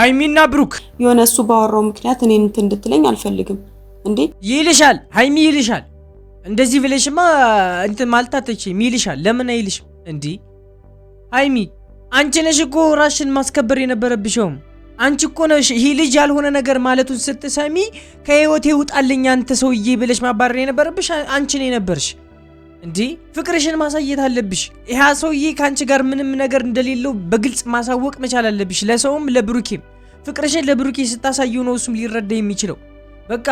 ሀይሚና ብሩክ የሆነ እሱ ባወራው ምክንያት እኔ እንትን እንድትለኝ አልፈልግም። እንዴ ይልሻል፣ ሀይሚ ይልሻል። እንደዚህ ብለሽማ እንትን ማለት አትችይም። ይልሻል። ለምን አይልሽም? እንዲ ሀይሚ አንቺ ነሽ እኮ ራስሽን ማስከበር የነበረብሽውም አንቺ እኮ ነሽ። ይህ ልጅ ያልሆነ ነገር ማለቱን ስትሰሚ ከህይወቴ ውጣልኝ አንተ ሰውዬ ብለሽ ማባረር የነበረብሽ አንቺ ነበርሽ። እንዲህ ፍቅርሽን ማሳየት አለብሽ። ይህ ሰውዬ ከአንቺ ጋር ምንም ነገር እንደሌለው በግልጽ ማሳወቅ መቻል አለብሽ፣ ለሰውም ለብሩኬም። ፍቅርሽን ለብሩኬ ስታሳዩ ነው እሱም ሊረዳ የሚችለው። በቃ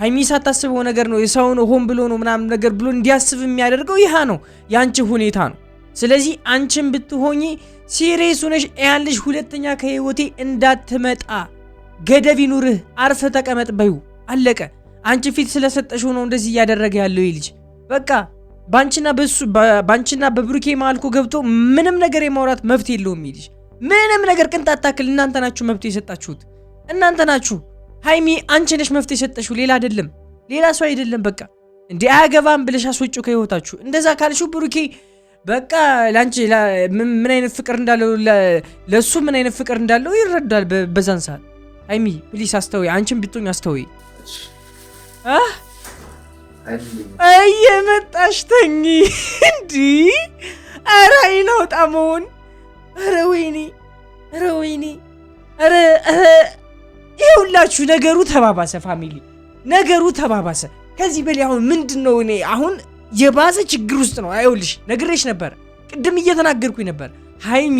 ሀይሚ ሳታስበው ነገር ነው የሰውን ሆን ብሎ ነው ምናምን ነገር ብሎ እንዲያስብ የሚያደርገው ይህ ነው የአንቺ ሁኔታ ነው። ስለዚህ አንቺን ብትሆኚ ሲሬስ ሆነሽ ያን ሁለተኛ ከህይወቴ እንዳትመጣ ገደብ ይኑርህ፣ አርፈ ተቀመጥ በዩ አለቀ። አንቺ ፊት ስለሰጠሽው ነው እንደዚህ እያደረገ ያለው ይህ ልጅ በቃ ባንቺና በሱ ባንቺና በብሩኬ ማልኮ ገብቶ ምንም ነገር የማውራት መብት የለውም ይልሽ ምንም ነገር ቅንጣት ታክል እናንተ ናችሁ መብት የሰጣችሁት እናንተ ናችሁ። ሃይሚ አንቺ ነሽ መብት የሰጠሽው ሌላ አይደለም፣ ሌላ ሰው አይደለም። በቃ እንዴ አያገባም ብለሽ አስወጪው ከህይወታችሁ። እንደዛ ካልሽው ብሩኬ በቃ ላንቺ ምን አይነት ፍቅር እንዳለው ለሱ ምን አይነት ፍቅር እንዳለው ይረዳል። በዛን ሰዓት ሃይሚ ፕሊስ አስተውይ፣ አንቺን ብትሆኝ አስተውይ። እየመጣሽ ተኝ እንዲህ። ኧረ አይን አውጣ መሆን ኧረ ወይኔ ኧረ ወይኔ ኧረ ይሄ ነገሩ ተባባሰ። ፋሚሊ ነገሩ ተባባሰ። ከዚህ በላይ አሁን ምንድን ነው? እኔ አሁን የባሰ ችግር ውስጥ ነው። አይውልሽ ነግሬሽ ነበር፣ ቅድም እየተናገርኩኝ ነበር። ሀይሚ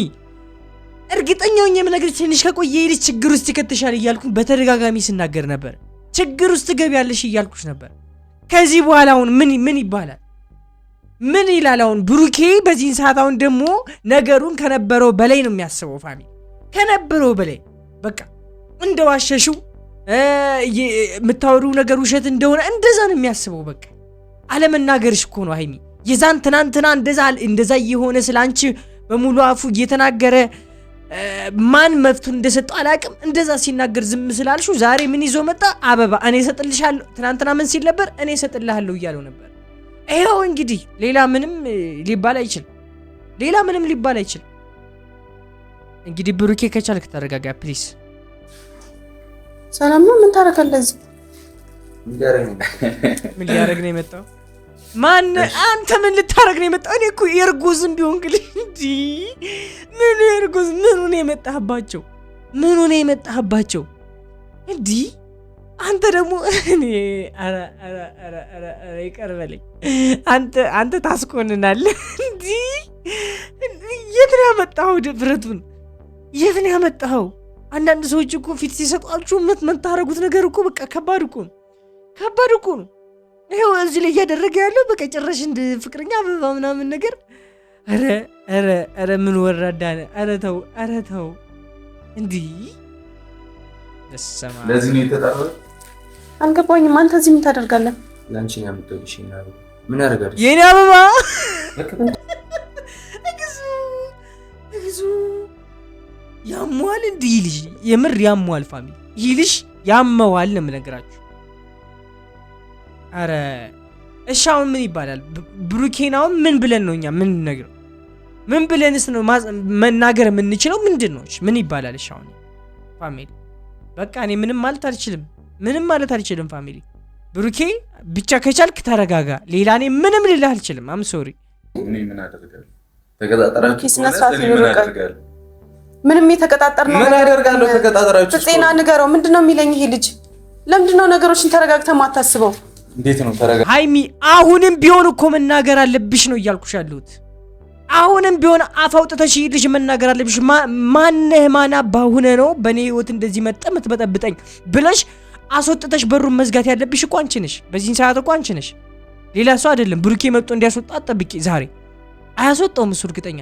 እርግጠኛውን የምነግር ትንሽ ከቆየ ሄድሽ ችግር ውስጥ ይከትሻል እያልኩኝ በተደጋጋሚ ስናገር ነበር። ችግር ውስጥ ገቢያለሽ እያልኩሽ ነበር። ከዚህ በኋላ አሁን ምን ምን ይባላል? ምን ይላል? አሁን ብሩኬ በዚህን ሰዓት አሁን ደግሞ ነገሩን ከነበረው በላይ ነው የሚያስበው። ፋሚ ከነበረው በላይ በቃ እንደዋሸሽው የምታወሩ ነገር ውሸት እንደሆነ እንደዛ ነው የሚያስበው። በቃ አለመናገርሽ እኮ ነው ሀይሚ የዛን ትናንትና እንደዛ እንደዛ እየሆነ ስለ አንቺ በሙሉ አፉ እየተናገረ ማን መብቱን እንደሰጠው አላቅም። እንደዛ ሲናገር ዝም ስላልሹ ዛሬ ምን ይዞ መጣ? አበባ እኔ እሰጥልሻለሁ። ትናንትና ምን ሲል ነበር? እኔ እሰጥልሃለሁ እያለው ነበር። ይኸው እንግዲህ ሌላ ምንም ሊባል አይችል፣ ሌላ ምንም ሊባል አይችል። እንግዲህ ብሩኬ ከቻልክ ተረጋጋ ፕሊስ። ሰላም ነው። ምን ታረጋለህ? እዚህ ምን ሊያደርግ ነው የመጣው? ማን አንተ ምን ልታረግ ነው የመጣ? እኔ እኮ የእርጉዝም ቢሆን እንግዲህ እንዲ ምኑ የእርጉዝ ምኑ ነው የመጣህባቸው? ምኑ ነው የመጣህባቸው? እንዲ አንተ ደግሞ እኔ ኧረ ኧረ ኧረ ይቅር በለኝ። አንተ አንተ ታስቆንናል። እንዲ የት ነው ያመጣኸው? ድፍረቱን የት ነው ያመጣኸው? አንዳንድ ሰዎች እኮ ፊት ሲሰጧችሁ የምታረጉት ነገር እኮ በቃ ከባድ እኮ ነው፣ ከባድ እኮ ነው። ይሄው እዚህ ላይ እያደረገ ያለው በቃ ጭራሽ እንደ ፍቅረኛ አበባ ምናምን ነገር። አረ አረ አረ ምን ወራዳ ነህ! አረ ተው፣ አረ ተው። እንዲህ ለዚህ ነው የተጣበ አልገባኝም። አንተ እዚህ ምን ታደርጋለህ? ለአንቺ ነው የምትወድሽ። ምን ያደርጋለሽ? የኔ አበባ እግዙ እግዙ። ያሟል እንዲህ ይልሽ የምር ያሟል። ፋሚ ይልሽ ያመዋል ነው የምነግራችሁ አረ እሺ፣ አሁን ምን ይባላል? ብሩኬን አሁን ምን ብለን ነው እኛ ምን ነግረው? ምን ብለንስ ነው መናገር የምንችለው? ምንድን ነው ምን ይባላል? እሺ አሁን ፋሚሊ በቃ እኔ ምንም ማለት አልችልም፣ ምንም ማለት አልችልም። ፋሚሊ ብሩኬ ብቻ ከቻልክ ተረጋጋ። ሌላ እኔ ምንም ልልህ አልችልም። አም ሶሪ። ምንም የተቀጣጠር ነው ምን አደርጋለሁ? ተቀጣጠራችሁ ጤና ንገረው። ምንድን ነው የሚለኝ ይሄ ልጅ? ለምንድን ነው ነገሮችን ተረጋግተ ማታስበው? እንዴት ነው ተረጋ ሀይሚ፣ አሁንም ቢሆን እኮ መናገር አለብሽ ነው እያልኩሽ ያለሁት። አሁንም ቢሆን አፋውጥተሽ ይልሽ መናገር አለብሽ። ማነህ ማና ባሁነ ነው በእኔ ህይወት እንደዚህ መጠ ምትበጠብጠኝ ብለሽ አስወጥተሽ በሩን መዝጋት ያለብሽ እኮ አንቺ ነሽ። በዚህን ሰዓት እኮ አንቺ ነሽ፣ ሌላ ሰው አይደለም። ብሩኬ መጥቶ እንዲያስወጣ አጠብቂ። ዛሬ አያስወጣውም እሱ እርግጠኛ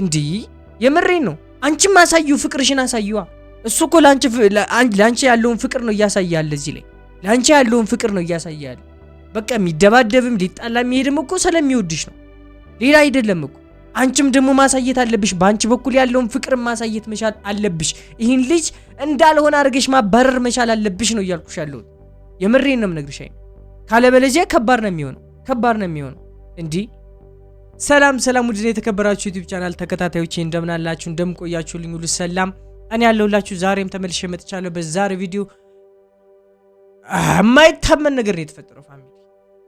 እንዲህ የምሬን ነው። አንቺም አሳዩ፣ ፍቅርሽን አሳዩዋ። እሱ እኮ ለአንቺ ያለውን ፍቅር ነው እያሳያለ እዚህ ላይ ለአንቺ ያለውን ፍቅር ነው እያሳያል። በቃ የሚደባደብም ሊጣላ የሚሄድም እኮ ስለሚወድሽ ነው፣ ሌላ አይደለም እኮ። አንቺም ደግሞ ማሳየት አለብሽ። በአንቺ በኩል ያለውን ፍቅር ማሳየት መቻል አለብሽ። ይህን ልጅ እንዳልሆነ አድርገሽ ማባረር መቻል አለብሽ ነው እያልኩሽ ያለሁት። የምሬን ነው የምነግርሽ። ካለበለዚያ ከባድ ነው የሚሆነው፣ ከባድ ነው የሚሆነው እንዲህ ሰላም ሰላም፣ ውድ የተከበራችሁ ዩቲዩብ ቻናል ተከታታዮች እንደምን አላችሁ? እንደምን ቆያችሁልኝ? ሁሉ ሰላም? እኔ ያለሁላችሁ ዛሬም ተመልሼ መጥቻለሁ። በዛሬ ቪዲዮ የማይታመን ነገር ነው የተፈጠረው ፋሚሊ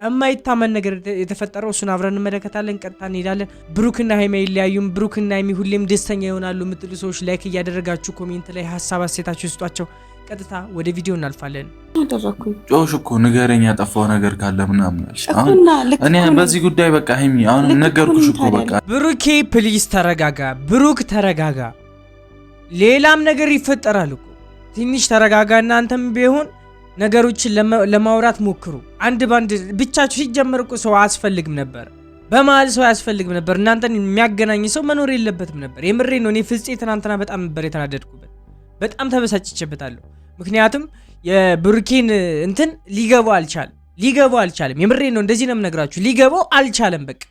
የማይታመን ነገር የተፈጠረው እሱን አብረን እንመለከታለን። ቀጥታ እንሄዳለን። ብሩክና ሀይሚ አይለያዩም፣ ብሩክና ሀይሚ ሁሌም ደስተኛ ይሆናሉ የምትሉ ሰዎች ላይክ እያደረጋችሁ ኮሜንት ላይ ሀሳብ አሴታችሁ ይስጧቸው። ቀጥታ ወደ ቪዲዮ እናልፋለን። ጮሽ እኮ ንገረኝ ያጠፋው ነገር ካለ ምናምን በዚህ ጉዳይ በቃ ሀይሚ አሁን ነገርኩሽ እኮ በቃ ብሩኬ ፕሊዝ ተረጋጋ። ብሩክ ተረጋጋ። ሌላም ነገር ይፈጠራል እኮ ትንሽ ተረጋጋ። እናንተም ቢሆን ነገሮችን ለማውራት ሞክሩ። አንድ ባንድ ብቻችሁ ሲጀመር እኮ ሰው አያስፈልግም ነበር፣ በመሀል ሰው አያስፈልግም ነበር። እናንተን የሚያገናኝ ሰው መኖር የለበትም ነበር። የምሬ ነው። እኔ ፍፄ ትናንትና በጣም ነበር የተናደድኩበት፣ በጣም ተበሳጭቼበታለሁ። ምክንያቱም የብሩኬን እንትን ሊገባው አልቻለም፣ ሊገባው አልቻለም። የምሬ ነው። እንደዚህ ነው የምነግራችሁ። ሊገባው አልቻለም። በቃ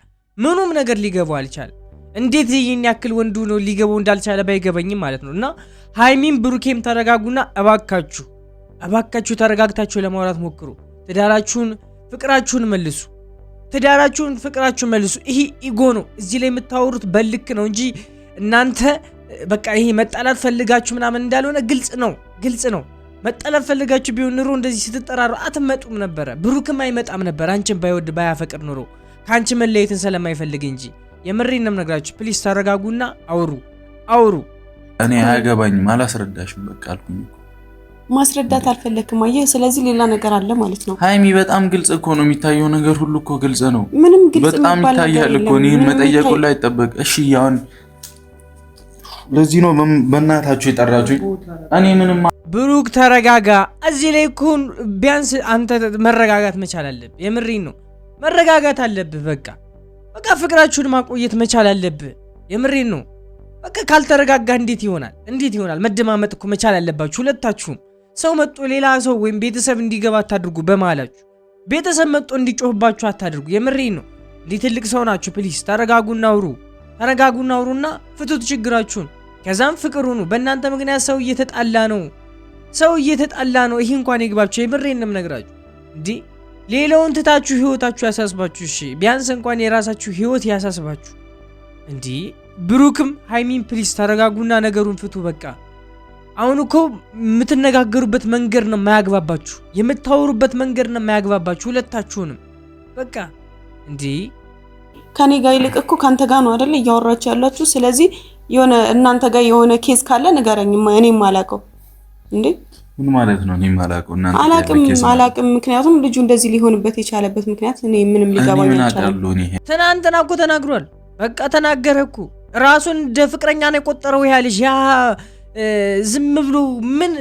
ምኑም ነገር ሊገባው አልቻለም። እንዴት ይህን ያክል ወንዱ ነው ሊገባው እንዳልቻለ ባይገበኝም ማለት ነው። እና ሀይሚም ብሩኬም ተረጋጉና እባካችሁ እባካችሁ ተረጋግታችሁ ለማውራት ሞክሩ። ትዳራችሁን ፍቅራችሁን መልሱ። ትዳራችሁን ፍቅራችሁን መልሱ። ይሄ ኢጎ ነው። እዚህ ላይ የምታወሩት በልክ ነው እንጂ እናንተ በቃ ይሄ መጣላት ፈልጋችሁ ምናምን እንዳልሆነ ግልጽ ነው፣ ግልጽ ነው። መጣላት ፈልጋችሁ ቢሆን ኑሮ እንደዚህ ስትጠራሩ አትመጡም ነበረ። ብሩክም አይመጣም ነበር አንቺን ባይወድ ባያፈቅር ኑሮ ከአንቺ መለየትን ስለማይፈልግ እንጂ። የምሬንም ነግራችሁ ፕሊስ ተረጋጉና አውሩ፣ አውሩ። እኔ አያገባኝም አላስረዳሽም በቃ አልኩኝ እኮ ማስረዳት አልፈለክም። አየህ፣ ስለዚህ ሌላ ነገር አለ ማለት ነው። ሀይሚ በጣም ግልጽ እኮ ነው የሚታየው ነገር ሁሉ እኮ ግልጽ ነው። ምንም ግልጽ በጣም ይታያል እኮ እኔን መጠየቁ ላይ አይጠበቅ። እሺ ያን ለዚህ ነው በእናታችሁ የጠራችሁኝ። እኔ ምንም ብሩክ ተረጋጋ። እዚህ ላይ እኮ ቢያንስ አንተ መረጋጋት መቻል አለብህ። የምሬን ነው መረጋጋት አለብህ። በቃ በቃ ፍቅራችሁን ማቆየት መቻል አለብህ። የምሬን ነው በቃ ካልተረጋጋ እንዴት ይሆናል? እንዴት ይሆናል? መደማመጥ እኮ መቻል አለባችሁ ሁለታችሁም። ሰው መጥቶ ሌላ ሰው ወይም ቤተሰብ እንዲገባ አታድርጉ በማላችሁ ቤተሰብ መጥቶ እንዲጮህባችሁ አታድርጉ። የምሬ ነው። እንዲህ ትልቅ ሰው ናችሁ። ፕሊስ ተረጋጉና አውሩ። ተረጋጉና አውሩና ፍቱት ችግራችሁን። ከዛም ፍቅር ሁኑ። በእናንተ ምክንያት ሰው እየተጣላ ነው፣ ሰው እየተጣላ ነው። ይህ እንኳን ይግባችሁ። የምሬን ነው የምነግራችሁ። እንዲህ ሌላውን ትታችሁ ህይወታችሁ ያሳስባችሁ። እሺ ቢያንስ እንኳን የራሳችሁ ህይወት ያሳስባችሁ። እንዲህ ብሩክም ሃይሚን ፕሊስ ተረጋጉና ነገሩን ፍቱ በቃ አሁን እኮ የምትነጋገሩበት መንገድ ነው የማያግባባችሁ፣ የምታወሩበት መንገድ ነው የማያግባባችሁ ሁለታችሁንም። በቃ እንዲህ ከኔ ጋር ይልቅ እኮ ከአንተ ጋር ነው አደለ እያወራችሁ ያላችሁ። ስለዚህ የሆነ እናንተ ጋር የሆነ ኬዝ ካለ ንገረኝ፣ እኔም አላውቀው እንዴ ምን ማለት ነው? እና ምክንያቱም ልጁ እንደዚህ ሊሆንበት የቻለበት ምክንያት እኔ ምንም ሊገባኝ አልቻለም። ትናንትና እኮ ተናግሯል። በቃ ተናገረ እኮ ራሱን እንደ ፍቅረኛ ነው የቆጠረው ያ ልጅ ያ ዝም ብሎ ምን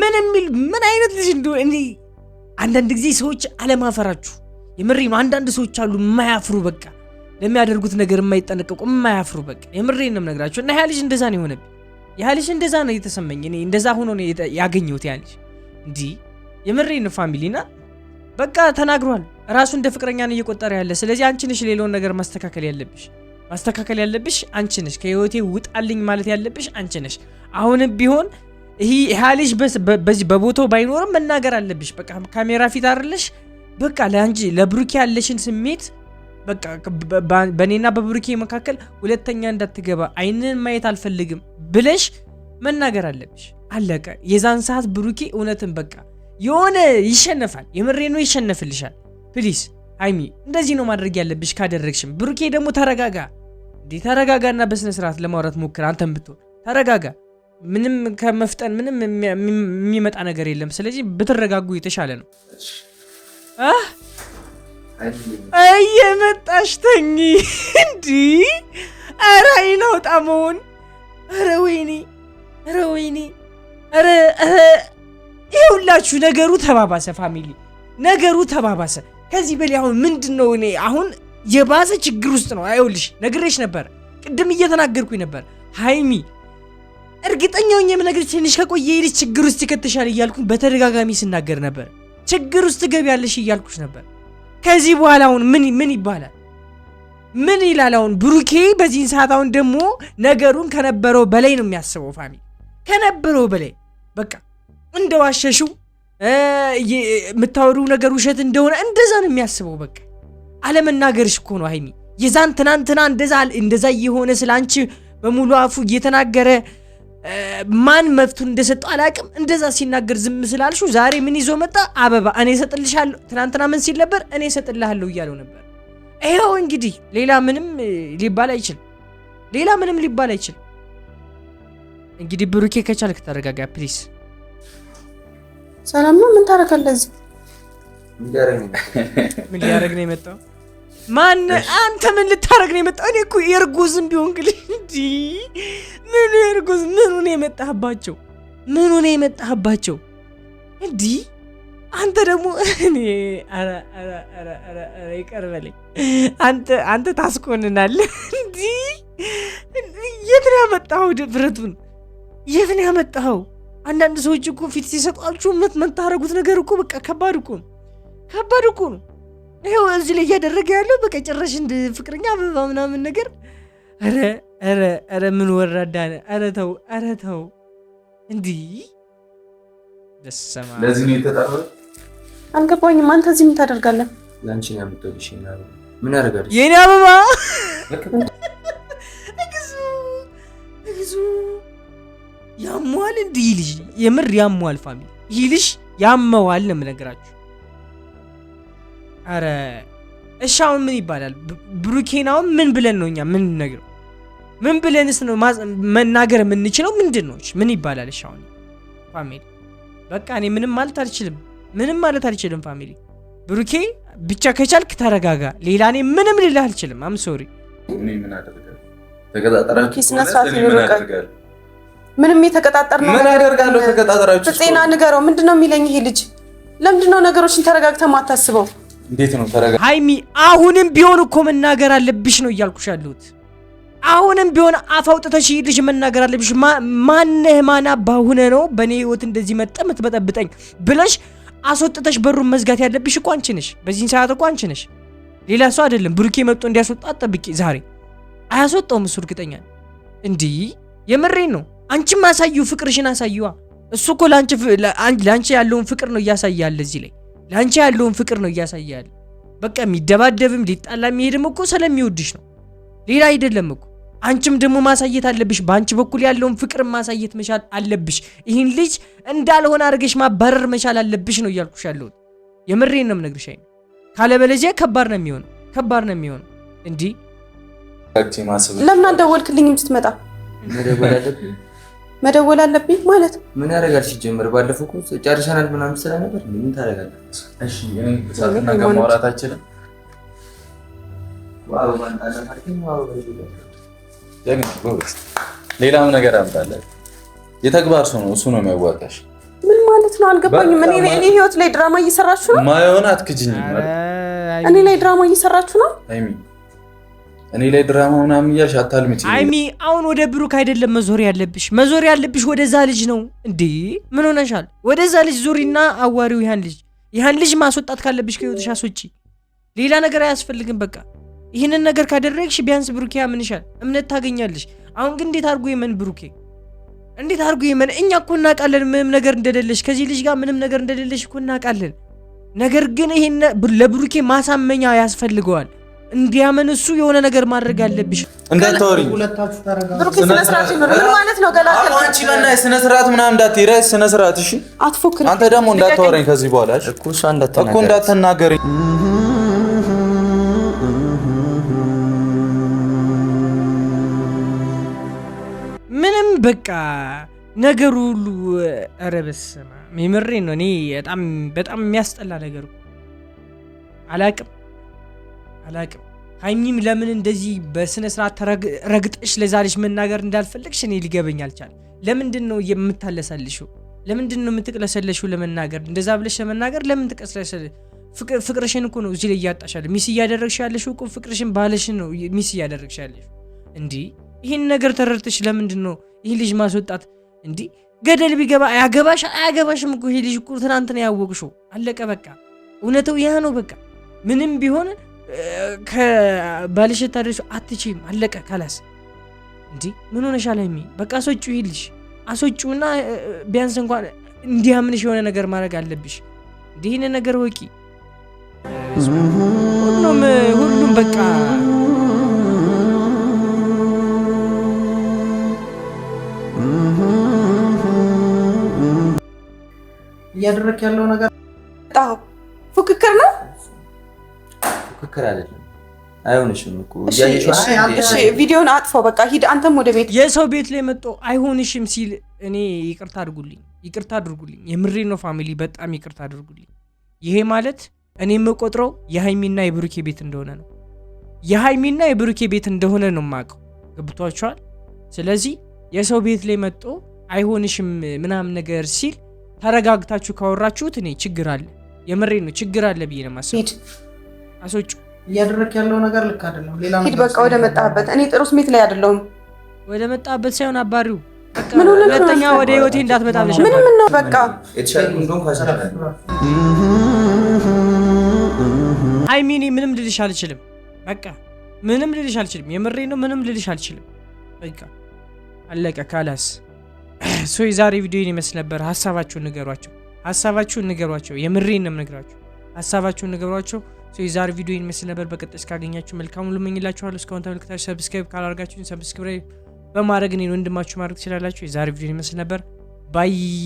ምን የሚል ምን አይነት ልጅ እንደሆነ እኔ አንዳንድ ጊዜ ሰዎች አለማፈራችሁ የምሬ ነው። አንዳንድ ሰዎች አሉ የማያፍሩ በቃ ለሚያደርጉት ነገር የማይጠነቀቁ የማያፍሩ በቃ የምሬ ነው ነግራችሁ እና ያ ልጅ እንደዛ ነው የሆነ ያ ልጅ እንደዛ ነው የተሰመኝ እኔ እንደዛ ሆኖ ነው ያገኘሁት። ያ ልጅ እንዲህ የምሬ ነው ፋሚሊና በቃ ተናግሯል። ራሱ እንደ ፍቅረኛ ነው እየቆጠረ ያለ። ስለዚህ አንቺ ነሽ ሌላውን ነገር ማስተካከል ያለብሽ ማስተካከል ያለብሽ አንቺ ነሽ። ከህይወቴ ውጣልኝ ማለት ያለብሽ አንቺ ነሽ። አሁንም ቢሆን ይህ ልጅ በዚህ በቦታው ባይኖርም መናገር አለብሽ። በቃ ካሜራ ፊት አይደለሽ። በቃ ለአንቺ ለብሩኬ ያለሽን ስሜት በቃ በእኔና በብሩኬ መካከል ሁለተኛ እንዳትገባ አይንን ማየት አልፈልግም ብለሽ መናገር አለብሽ። አለቀ። የዛን ሰዓት ብሩኬ እውነትን በቃ የሆነ ይሸነፋል። የምሬኖ ይሸነፍልሻል። ፕሊስ አይሚ እንደዚህ ነው ማድረግ ያለብሽ። ካደረግሽም ብሩኬ ደግሞ ተረጋጋ። እንዲህ ተረጋጋና በስነ ስርዓት ለማውራት ሞክር። አንተም ብትሆን ተረጋጋ። ምንም ከመፍጠን ምንም የሚመጣ ነገር የለም። ስለዚህ ብትረጋጉ የተሻለ ነው። እየመጣሽ ተኝ እንዲ ኧረ አይን አውጣ መሆን ኧረ ወይኔ ኧረ ወይኔ ኧረ ይኸውላችሁ ነገሩ ተባባሰ። ፋሚሊ ነገሩ ተባባሰ። ከዚህ በላይ አሁን ምንድን ነው እኔ አሁን የባሰ ችግር ውስጥ ነው። አይውልሽ ነግሬሽ ነበር፣ ቅድም እየተናገርኩኝ ነበር ሀይሚ እርግጠኛ ሆኜ የምነግርሽ ትንሽ ከቆየ ይልሽ ችግር ውስጥ ይከተሻል እያልኩኝ በተደጋጋሚ ስናገር ነበር። ችግር ውስጥ ትገቢያለሽ እያልኩሽ ነበር። ከዚህ በኋላ አሁን ምን ምን ይባላል? ምን ይላል አሁን ብሩኬ? በዚህን ሰዓት አሁን ደግሞ ነገሩን ከነበረው በላይ ነው የሚያስበው። ፋሚ ከነበረው በላይ በቃ እንደዋሸሽው የምታወሩ ነገር ውሸት እንደሆነ እንደዛ ነው የሚያስበው በቃ አለመናገርሽ እኮ ነው ሀይሚ። የዛን ትናንትና እንደዛ እንደዛ እየሆነ ስለ አንቺ በሙሉ አፉ እየተናገረ ማን መብቱን እንደሰጠው አላቅም። እንደዛ ሲናገር ዝም ስላልሹ ዛሬ ምን ይዞ መጣ? አበባ እኔ እሰጥልሻለሁ። ትናንትና ምን ሲል ነበር? እኔ እሰጥልሃለሁ እያለው ነበር። ይኸው እንግዲህ ሌላ ምንም ሊባል አይችልም። ሌላ ምንም ሊባል አይችልም። እንግዲህ ብሩኬ ከቻልክ ተረጋጋ ፕሊስ። ሰላም ነው። ምን ታደርጋለህ? እዚህ ምን ሊያደርግ ነው የመጣው? ማን አንተ ምን ልታረግ ነው የመጣ? እኔ እኮ የእርጉዝም ቢሆን እንግዲህ እንጂ ምን የእርጉዝ ምኑ ነው የመጣህባቸው? ምኑ ነው የመጣህባቸው? እንዲህ አንተ ደግሞ እኔ ኧረ ኧረ ኧረ ይቅር በለኝ። አንተ አንተ ታስቆንናለህ። እንዲህ የት ነው ያመጣኸው? ድፍረቱን የት ነው ያመጣኸው? አንዳንድ ሰዎች እኮ ፊት ሲሰጧችሁ መታረጉት ነገር እኮ በቃ ከባድ እኮ ነው፣ ከባድ እኮ ነው። ይሄው እዚህ ላይ እያደረገ ያለው በቃ ጭራሽ እንደ ፍቅረኛ አበባ ምናምን ነገር። ኧረ ኧረ ኧረ ምን ወራዳ ነህ! ኧረ ተው፣ ኧረ ተው። እንዲህ ለዚህ ነው የተጠራው። አልገባኝም። አንተ እዚህ ምን ታደርጋለህ? ለአንቺ ነው የምትወድሽ። ምን ያደርጋል የኔ አበባ እግዙ እግዙ። ያሟል እንዲህ ይልሽ፣ የምር ያሟል። ፋሚሊ ይልሽ ያመዋል ነው የምነግራችሁ አረ እሺ፣ አሁን ምን ይባላል? ብሩኬን ምን ብለን ነው እኛ ምን ነግረው? ምን ብለንስ ነው መናገር የምንችለው? ምንድን ነው? ምን ይባላል? እሺ አሁን ፋሚሊ፣ በቃ እኔ ምንም ማለት አልችልም። ምንም ማለት አልችልም ፋሚሊ። ብሩኬ ብቻ ከቻልክ ተረጋጋ። ሌላ እኔ ምንም ልልህ አልችልም። አም ሶሪ። ምንም የተቀጣጠር ነው ምን አደርጋለሁ? ተቀጣጠራችሁ ጤና ንገረው። ምንድነው የሚለኝ ይሄ ልጅ? ለምንድነው ነገሮችን ተረጋግተህ ማታስበው? እንዴት ነው ተረጋ ሀይሚ፣ አሁንም ቢሆን እኮ መናገር አለብሽ ነው እያልኩሽ ያለሁት። አሁንም ቢሆን አፍ አውጥተሽ ልጅ መናገር አለብሽ። ማነህ ማና ባሁነ ነው በእኔ ህይወት እንደዚህ መጠ ምትበጠብጠኝ ብለሽ አስወጥተሽ በሩን መዝጋት ያለብሽ እኮ አንቺ ነሽ። በዚህን ሰዓት እኮ አንቺ ነሽ፣ ሌላ ሰው አይደለም። ብሩኬ መጥቶ እንዲያስወጣ አጠብቂ። ዛሬ አያስወጣውም እሱ እርግጠኛ እንዲህ የምሬን ነው። አንቺም አሳዩ፣ ፍቅርሽን አሳዩዋ። እሱ እኮ ለአንቺ ያለውን ፍቅር ነው እያሳያለ እዚህ ላይ ለአንቺ ያለውን ፍቅር ነው እያሳያል። በቃ የሚደባደብም ሊጣላ የሚሄድም እኮ ስለሚወድሽ ነው፣ ሌላ አይደለም እኮ። አንቺም ደግሞ ማሳየት አለብሽ። በአንቺ በኩል ያለውን ፍቅር ማሳየት መቻል አለብሽ። ይህን ልጅ እንዳልሆነ አድርገሽ ማባረር መቻል አለብሽ ነው እያልኩሽ ያለሁት። የምሬን ነው የምነግርሽ። አይ ካለበለዚያ ከባድ ነው የሚሆነው፣ ከባድ ነው የሚሆነው። እንዲህ ለምን አልደወልክልኝም ስትመጣ መደወል አለብኝ ማለት ነው። ምን ያደርጋል ሲጀምር፣ ባለፈው እኮ ጨርሰናል ምናምን ስለነበር ምን ታደርጋለህ? እሺ ሌላም ነገር አምጣለህ። የተግባር ሰው ነው እሱ ነው የሚያዋጣሽ። ምን ማለት ነው አልገባኝም። እኔ ህይወት ላይ ድራማ እየሰራችሁ ነው። ማየሆን አትክጅኝ። እኔ ላይ ድራማ እየሰራችሁ ነው እኔ ላይ ድራማ ምናምን እያልሽ አታልምጪ አይሚ። አሁን ወደ ብሩክ አይደለም መዞር ያለብሽ፣ መዞር ያለብሽ ወደዛ ልጅ ነው። እንዴ ምን ሆነሻል? ወደዛ ልጅ ዙሪና አዋሪው ይህን ልጅ ይህን ልጅ ማስወጣት ካለብሽ ከህይወትሽ አስወጪ። ሌላ ነገር አያስፈልግም። በቃ ይህንን ነገር ካደረግሽ ቢያንስ ብሩኬ ያምንሻል፣ እምነት ታገኛለሽ። አሁን ግን እንዴት አድርጎ የመን ብሩኬ እንዴት አድርጎ የመን? እኛ እኮ እናውቃለን ምንም ነገር እንደሌለሽ፣ ከዚህ ልጅ ጋር ምንም ነገር እንደሌለሽ እኮ እናውቃለን። ነገር ግን ይሄን ለብሩኬ ማሳመኛ ያስፈልገዋል። እንዲያመን የሆነ ነገር ማድረግ አለብሽ። እንዳታወሪ ስነ ስርዓት ምናምን እንዳትሄድ ስነ ስርዓት እሺ። አትፎክር አንተ ደግሞ እንዳታወራኝ ከዚህ በኋላ እኮ ምንም በቃ ነገሩ ሁሉ ኧረ በስመ አብ የምሬን ነው። እኔ በጣም በጣም የሚያስጠላ ነገር አላቅም አላቅም። ሀይሚም ለምን እንደዚህ በስነ ስርዓት ለዛ ለዛሬሽ መናገር እንዳልፈለግሽ እኔ ሊገበኝ አልቻል። ለምንድን ነው የምታለሳልሽው? ለምንድን ነው የምትቅለሰለሽው? ለመናገር እንደዛ ብለሽ ለመናገር ለምን ትቀስለሰል? ፍቅርሽን እኮ ነው እዚህ ላይ እያጣሻለ ሚስ እያደረግሽ ያለሽ እኮ ፍቅርሽን ባለሽን ነው ሚስ እያደረግሽ ያለሽ። እንዲህ ይህን ነገር ተረድተሽ ለምንድን ነው ይህ ልጅ ማስወጣት? እንዲህ ገደል ቢገባ አያገባሽ አያገባሽም እኮ ይህ ልጅ እኮ ትናንት ያወቅሽው። አለቀ በቃ እውነተው ያ ነው በቃ ምንም ቢሆን ከባልሽ ታደርሽ አትችም። አለቀ ካላስ እንዲህ ምን ሆነሻ ሀይሚ? በቃ አስወጪው ይልሽ አሶጩና ቢያንስ እንኳን እንዲያምንሽ የሆነ ነገር ማድረግ አለብሽ። እንዲህን ነገር ወቂ። ሁሉም ሁሉም በቃ እያደረክ ያለው ነገር ፉክክር መሞከር አይደለም። አይሆንሽም እኮ ቪዲዮን በቃ ሂድ አንተም ወደ ቤት። የሰው ቤት ላይ መጦ አይሆንሽም ሲል እኔ ይቅርታ አድርጉልኝ፣ ይቅርታ አድርጉልኝ፣ የምሬ ነው ፋሚሊ፣ በጣም ይቅርታ አድርጉልኝ። ይሄ ማለት እኔ የምቆጥረው የሀይሚና የብሩኬ ቤት እንደሆነ ነው። የሀይሚና የብሩኬ ቤት እንደሆነ ነው የማውቀው። ገብቷችኋል? ስለዚህ የሰው ቤት ላይ መጦ አይሆንሽም ምናምን ነገር ሲል ተረጋግታችሁ ካወራችሁት እኔ ችግር አለ፣ የምሬ ነው ችግር አለ ብዬ ነው ማሰብ አስወጪው እያደረክ ያለው ነገር ልክ አይደለም። ሌላ ሂድ፣ በቃ ወደ መጣበት። እኔ ጥሩ ስሜት ላይ አይደለሁም። ወደ መጣበት ሳይሆን አባሪው ሁለተኛ ወደ ህይወቴ እንዳትመጣ ብለሽ ምንም ነው በቃ አይሚኒ ምንም ልልሽ አልችልም። በቃ ምንም ልልሽ አልችልም። የምሬ ነው። ምንም ልልሽ አልችልም። በቃ አለቀ። ካላስ ሶ የዛሬ ቪዲዮ ይመስል ነበር። ሀሳባችሁን ንገሯቸው። ሀሳባችሁን ንገሯቸው። የምሬ ነው የምነግራችሁ። ሀሳባችሁን ንገሯቸው። የዛሬ ቪዲዮ ይመስል ነበር። በቀጥ እስካገኛችሁ መልካም ሁሉ እስካሁን ተመልክታችሁ ሰብስክራይብ ካላደርጋችሁኝ ሰብስክራይብ በማድረግ እኔን ወንድማችሁ ማድረግ ትችላላችሁ። የዛሬ ቪዲዮ ይመስል ነበር። ባይ